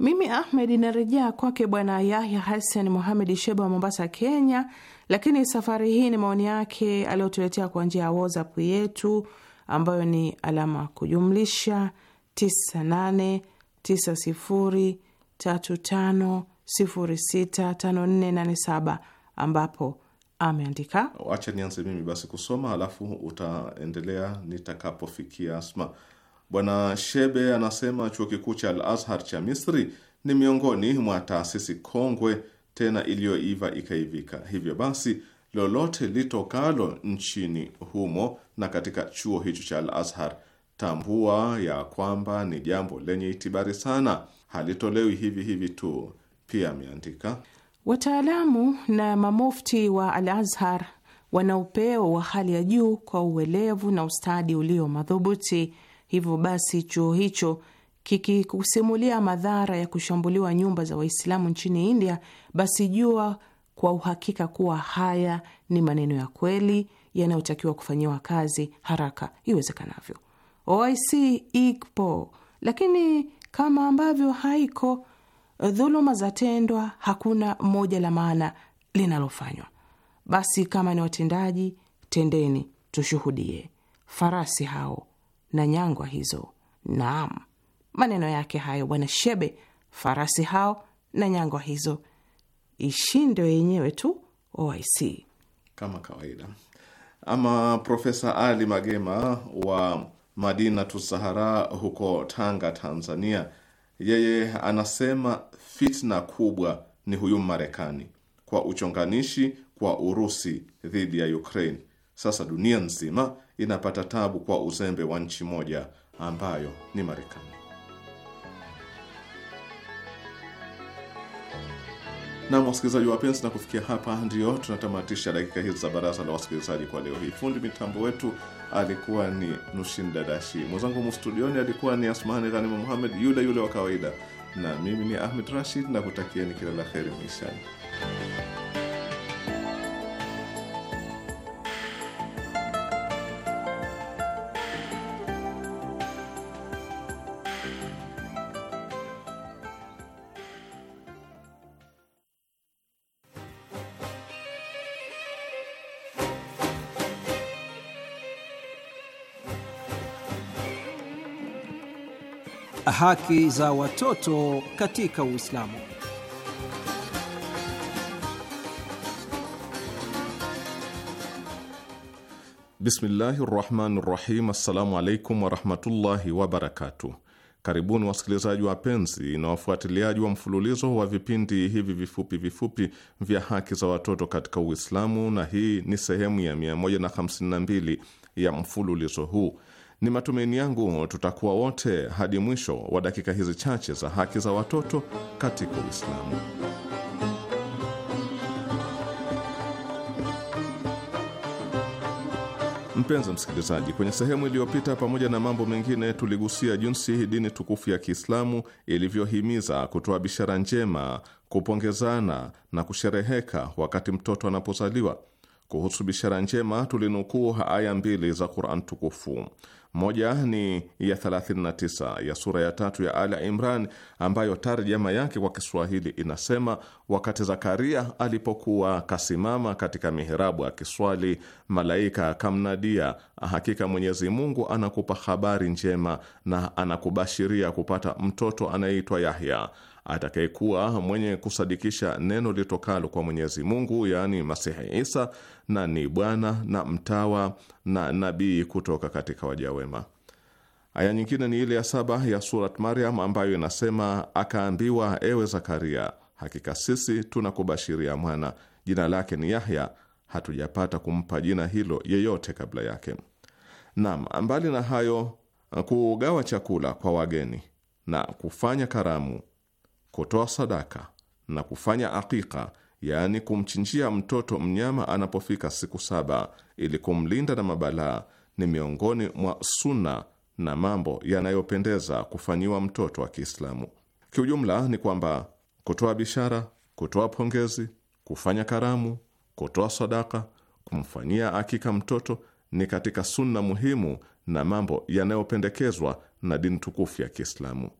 Mimi Ahmed narejea kwake Bwana Yahya Hassan Muhamed Sheba wa Mombasa, Kenya, lakini safari hii ni maoni yake aliyotuletea kwa njia ya WhatsApp yetu ambayo ni alama kujumlisha 989035065487 ambapo ameandika. Wacha nianze mimi basi kusoma, alafu utaendelea nitakapofikia Asma. Bwana Shebe anasema chuo kikuu cha Al Azhar cha Misri ni miongoni mwa taasisi kongwe tena iliyoiva ikaivika. Hivyo basi lolote litokalo nchini humo na katika chuo hicho cha Al Azhar, tambua ya kwamba ni jambo lenye itibari sana, halitolewi hivi hivi tu. Pia ameandika Wataalamu na mamufti wa Al Azhar wana upeo wa hali ya juu kwa uelevu na ustadi ulio madhubuti. Hivyo basi, chuo hicho kikikusimulia madhara ya kushambuliwa nyumba za Waislamu nchini India, basi jua kwa uhakika kuwa haya ni maneno ya kweli yanayotakiwa kufanyiwa kazi haraka iwezekanavyo. OIC ipo lakini kama ambavyo haiko dhuluma zatendwa, hakuna moja la maana linalofanywa. Basi kama ni watendaji, tendeni, tushuhudie farasi hao na nyangwa hizo. Naam, maneno yake hayo Bwana Shebe, farasi hao na nyangwa hizo, ishindo yenyewe tu OIC kama kawaida. Ama Profesa Ali Magema wa Madina Tusahara huko Tanga, Tanzania, yeye anasema fitna kubwa ni huyu Marekani kwa uchonganishi kwa Urusi dhidi ya Ukraine. Sasa dunia nzima inapata tabu kwa uzembe wa nchi moja ambayo ni Marekani. Nam wasikilizaji wapenzi, na kufikia hapa ndio tunatamatisha dakika hizi za baraza la wasikilizaji kwa leo hii. Fundi mitambo wetu alikuwa ni Nushin Dadashi, mwenzangu mstudioni alikuwa ni Asmani Ghanima Muhamed, yule yule wa kawaida, na mimi ni Ahmed Rashid na kutakieni kila la heri maishani. haki za watoto katika Uislamu. Bismillahi rahmani rahim. Assalamu alaikum warahmatullahi wabarakatu Karibuni wasikilizaji wapenzi na wafuatiliaji wa mfululizo wa vipindi hivi vifupi vifupi vya haki za watoto katika Uislamu, na hii ni sehemu ya 152 ya mfululizo huu. Ni matumaini yangu tutakuwa wote hadi mwisho wa dakika hizi chache za haki za watoto katika Uislamu. Mpenzi msikilizaji, kwenye sehemu iliyopita, pamoja na mambo mengine, tuligusia jinsi dini tukufu ya Kiislamu ilivyohimiza kutoa bishara njema, kupongezana na kushereheka wakati mtoto anapozaliwa. Kuhusu bishara njema, tulinukuu aya mbili za Qur'an tukufu. Moja ni ya 39 ya sura ya tatu ya Ala Imran ambayo tarjama yake kwa Kiswahili inasema, wakati Zakaria alipokuwa kasimama katika miherabu akiswali, malaika akamnadia, hakika Mwenyezi Mungu anakupa habari njema na anakubashiria kupata mtoto anayeitwa Yahya atakayekuwa mwenye kusadikisha neno litokalo kwa Mwenyezi Mungu, yaani Masihi Isa, na ni bwana na mtawa na nabii kutoka katika waja wema. Aya nyingine ni ile ya saba ya Surat Maryam ambayo inasema, akaambiwa ewe Zakaria, hakika sisi tunakubashiria mwana, jina lake ni Yahya, hatujapata kumpa jina hilo yeyote kabla yake. Naam, mbali na hayo, kugawa chakula kwa wageni na kufanya karamu kutoa sadaka na kufanya akika, yaani kumchinjia mtoto mnyama anapofika siku saba ili kumlinda na mabalaa, ni miongoni mwa sunna na mambo yanayopendeza kufanyiwa mtoto wa Kiislamu. Kiujumla ni kwamba kutoa bishara, kutoa pongezi, kufanya karamu, kutoa sadaka, kumfanyia akika mtoto ni katika sunna muhimu na mambo yanayopendekezwa na dini tukufu ya Kiislamu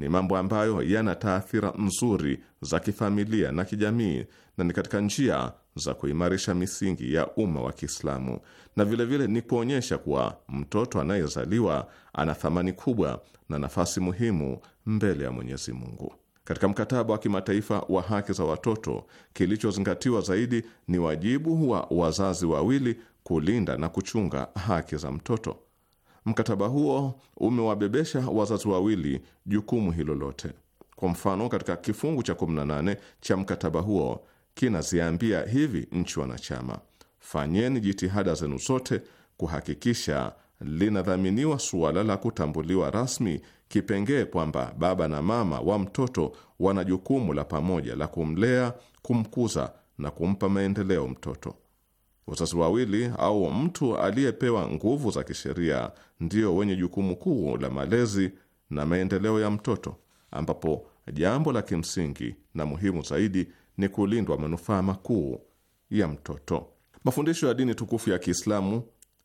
ni mambo ambayo yana taathira nzuri za kifamilia na kijamii na ni katika njia za kuimarisha misingi ya umma wa Kiislamu na vilevile ni kuonyesha kuwa mtoto anayezaliwa ana thamani kubwa na nafasi muhimu mbele ya Mwenyezi Mungu. Katika mkataba wa kimataifa wa haki za watoto, kilichozingatiwa zaidi ni wajibu wa wazazi wawili kulinda na kuchunga haki za mtoto. Mkataba huo umewabebesha wazazi wawili jukumu hilo lote. Kwa mfano, katika kifungu cha 18 cha mkataba huo kinaziambia hivi nchi wanachama: fanyeni jitihada zenu zote kuhakikisha linadhaminiwa suala la kutambuliwa rasmi kipengee kwamba baba na mama wa mtoto wana jukumu la pamoja la kumlea, kumkuza na kumpa maendeleo mtoto. Wazazi wawili au mtu aliyepewa nguvu za kisheria ndio wenye jukumu kuu la malezi na maendeleo ya mtoto, ambapo jambo la kimsingi na muhimu zaidi ni kulindwa manufaa makuu ya mtoto. Mafundisho ya dini tukufu ya Kiislamu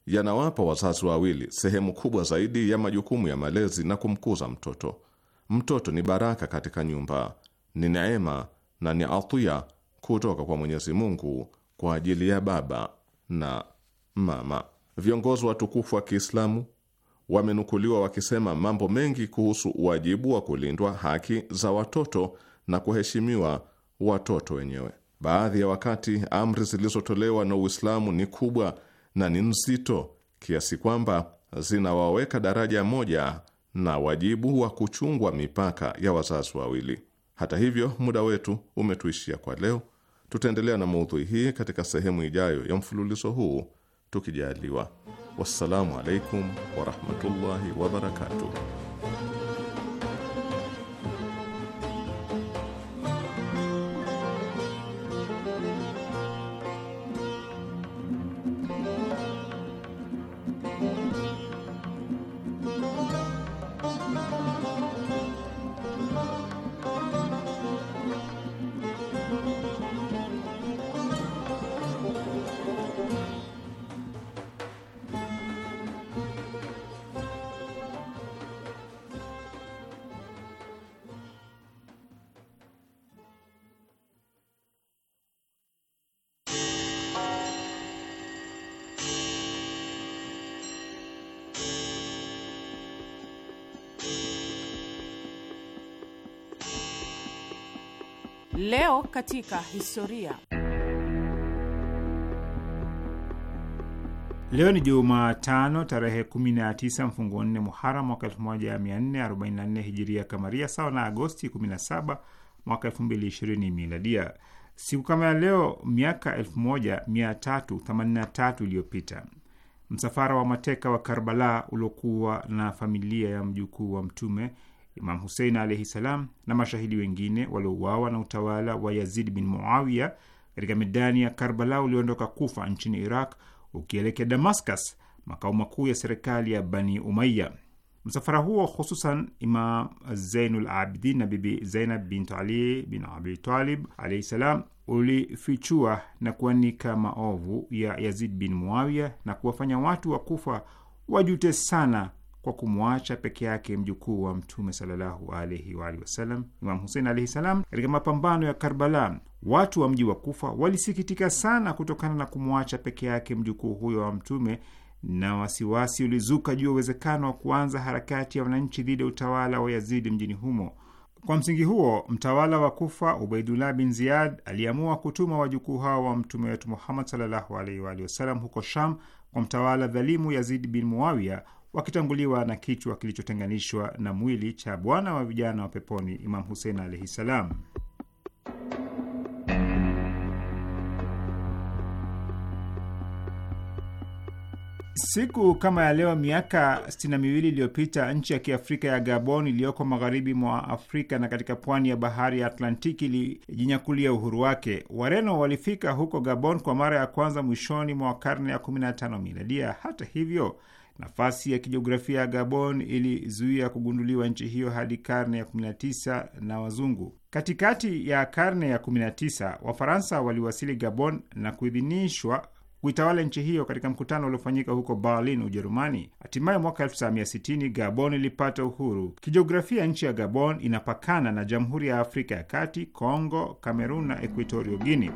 yanawapa wazazi wawili sehemu kubwa zaidi ya majukumu ya malezi na kumkuza mtoto. Mtoto ni baraka katika nyumba, ni neema na ni atiya kutoka kwa Mwenyezi Mungu kwa ajili ya baba na mama. Viongozi watukufu wa Kiislamu wamenukuliwa wakisema mambo mengi kuhusu wajibu wa kulindwa haki za watoto na kuheshimiwa watoto wenyewe. Baadhi ya wakati amri zilizotolewa na Uislamu ni kubwa na ni nzito kiasi kwamba zinawaweka daraja moja na wajibu wa kuchungwa mipaka ya wazazi wawili. Hata hivyo, muda wetu umetuishia kwa leo. Tutaendelea na maudhui hii katika sehemu ijayo ya mfululizo huu tukijaliwa. Wassalamu alaikum warahmatullahi wabarakatuh. Leo katika historia. Leo ni Jumatano tarehe 19 mfungo nne Muharam mwaka 1444 hijiria kamaria, sawa na Agosti 17 mwaka 2020 miladia. Siku kama ya leo miaka 1383 iliyopita msafara wa mateka wa Karbala uliokuwa na familia ya mjukuu wa Mtume Imam Husein alaihi salam na mashahidi wengine waliouawa na utawala wa Yazid bin Muawiya katika medani ya Karbala ulioondoka Kufa nchini Iraq ukielekea Damascus, makao makuu ya serikali ya Bani Umaya. Msafara huo hususan Imam Zainul Abidin na Bibi Zainab bint Ali bin Abitalib alaihi salam ulifichua na kuanika maovu ya Yazid bin Muawiya na kuwafanya watu wa Kufa wajute sana kwa kumwacha peke yake mjukuu wa Mtume sallallahu alaihi wa alihi wasallam, Imam Husein alaihi salam. Katika mapambano ya Karbala, watu wa mji wa Kufa walisikitika sana kutokana na kumwacha peke yake mjukuu huyo wa Mtume, na wasiwasi ulizuka juu ya uwezekano wa kuanza harakati ya wananchi dhidi ya utawala wa Yazidi mjini humo. Kwa msingi huo mtawala wa Kufa Ubaidullah bin Ziyad aliamua kutuma wajukuu hao wa mtume wetu Muhammad sallallahu alaihi wa alihi wasallam huko Sham kwa mtawala dhalimu Yazid bin Muawiya wakitanguliwa na kichwa kilichotenganishwa na mwili cha bwana wa vijana wa peponi Imam Husein alaihi salam. Siku kama ya leo miaka sitini na miwili iliyopita nchi ya kiafrika ya Gabon iliyoko magharibi mwa Afrika na katika pwani ya bahari ya Atlantiki ilijinyakulia uhuru wake. Wareno walifika huko Gabon kwa mara ya kwanza mwishoni mwa karne ya 15 miladia. Hata hivyo Nafasi ya kijiografia ya Gabon ilizuia kugunduliwa nchi hiyo hadi karne ya 19 na wazungu. Katikati ya karne ya 19 Wafaransa waliwasili Gabon na kuidhinishwa kuitawala nchi hiyo katika mkutano uliofanyika huko Berlin, Ujerumani. Hatimaye mwaka 1960 Gabon ilipata uhuru. Kijiografia, nchi ya Gabon inapakana na Jamhuri ya Afrika ya Kati, Congo, Kamerun na Equatorio Guini.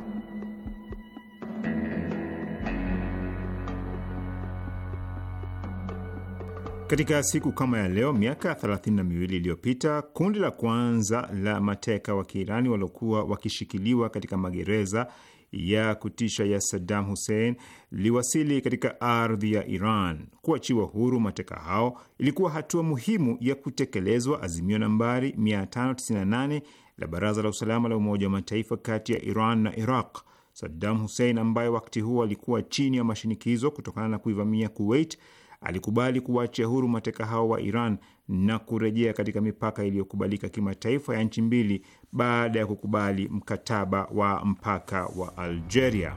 Katika siku kama ya leo miaka thelathini na miwili iliyopita kundi la kwanza la mateka wa Kiirani waliokuwa wakishikiliwa katika magereza ya kutisha ya Saddam Hussein liwasili katika ardhi ya Iran. Kuachiwa huru mateka hao ilikuwa hatua muhimu ya kutekelezwa azimio nambari 598 la Baraza la Usalama la Umoja wa Mataifa kati ya Iran na Iraq. Saddam Hussein ambaye wakati huo alikuwa chini ya mashinikizo kutokana na kuivamia Kuwait alikubali kuwaachia huru mateka hao wa Iran na kurejea katika mipaka iliyokubalika kimataifa ya nchi mbili baada ya kukubali mkataba wa mpaka wa Algeria.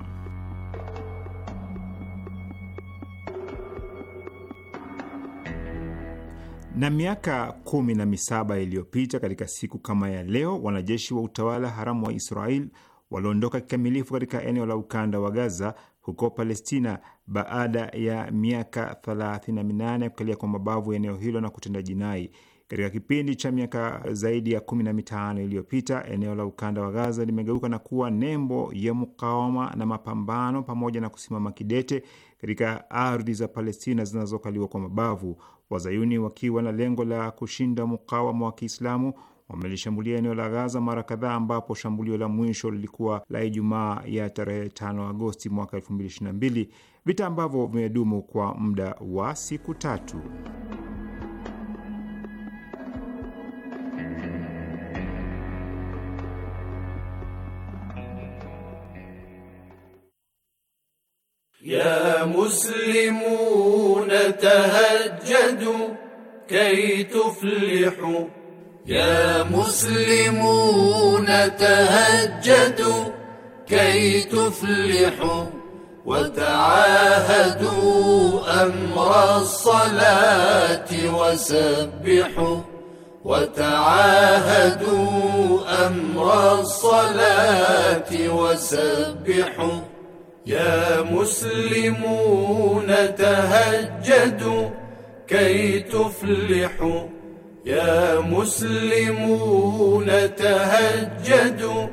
Na miaka kumi na misaba iliyopita katika siku kama ya leo, wanajeshi wa utawala haramu wa Israel waliondoka kikamilifu katika eneo la ukanda wa Gaza huko Palestina baada ya miaka 38 kukalia kwa mabavu eneo hilo na kutenda jinai. Katika kipindi cha miaka zaidi ya kumi na mitano iliyopita eneo la ukanda wa Gaza limegeuka na kuwa nembo ya mukawama na mapambano pamoja na kusimama kidete katika ardhi za Palestina zinazokaliwa kwa mabavu, wazayuni wakiwa na lengo la kushinda mukawama wa Kiislamu wamelishambulia eneo la Gaza mara kadhaa, ambapo shambulio la mwisho lilikuwa la Ijumaa ya tarehe 5 Agosti mwaka 2022, vita ambavyo vimedumu kwa muda wa siku tatu. Ya muslimuna tahajjadu kay tuflihu يا مسلمون تهجدوا كي تفلحوا وتعاهدوا أمر الصلاة وسبحوا وتعاهدوا أمر الصلاة وسبحوا يا مسلمون تهجدوا كي تفلحوا يا مسلمون تهجدوا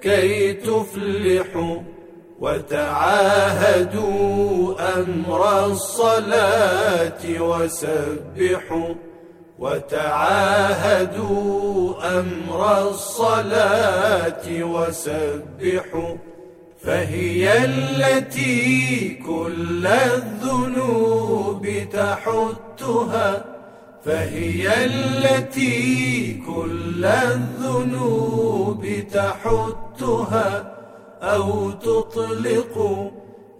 كي تفلحوا وتعاهدوا أمر الصلاة وسبحوا وتعاهدوا أمر الصلاة وسبحوا فهي التي كل الذنوب تحتها فهي التي كل الذنوب تحتها أو تطلق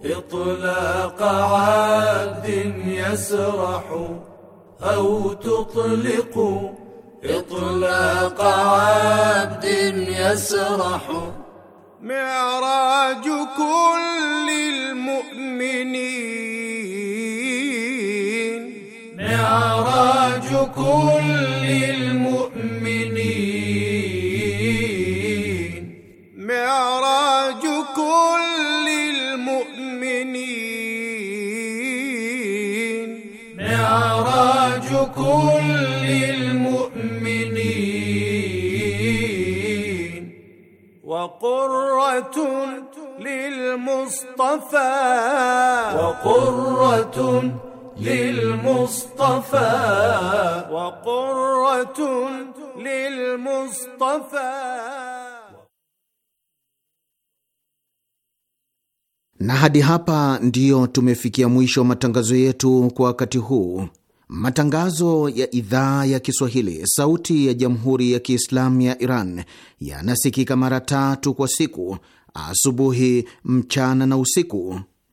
إطلاق عاد يسرح أو تطلق إطلاق عبد يسرح معراج كل المؤمنين كل المؤمنين معراج كل المؤمنين معراج كل المؤمنين وقرة للمصطفى وقرة للمصطفى وقرة للمصطفى na hadi hapa ndiyo tumefikia mwisho wa matangazo yetu kwa wakati huu. Matangazo ya idhaa ya Kiswahili sauti ya jamhuri ya Kiislamu ya Iran yanasikika mara tatu kwa siku: asubuhi, mchana na usiku.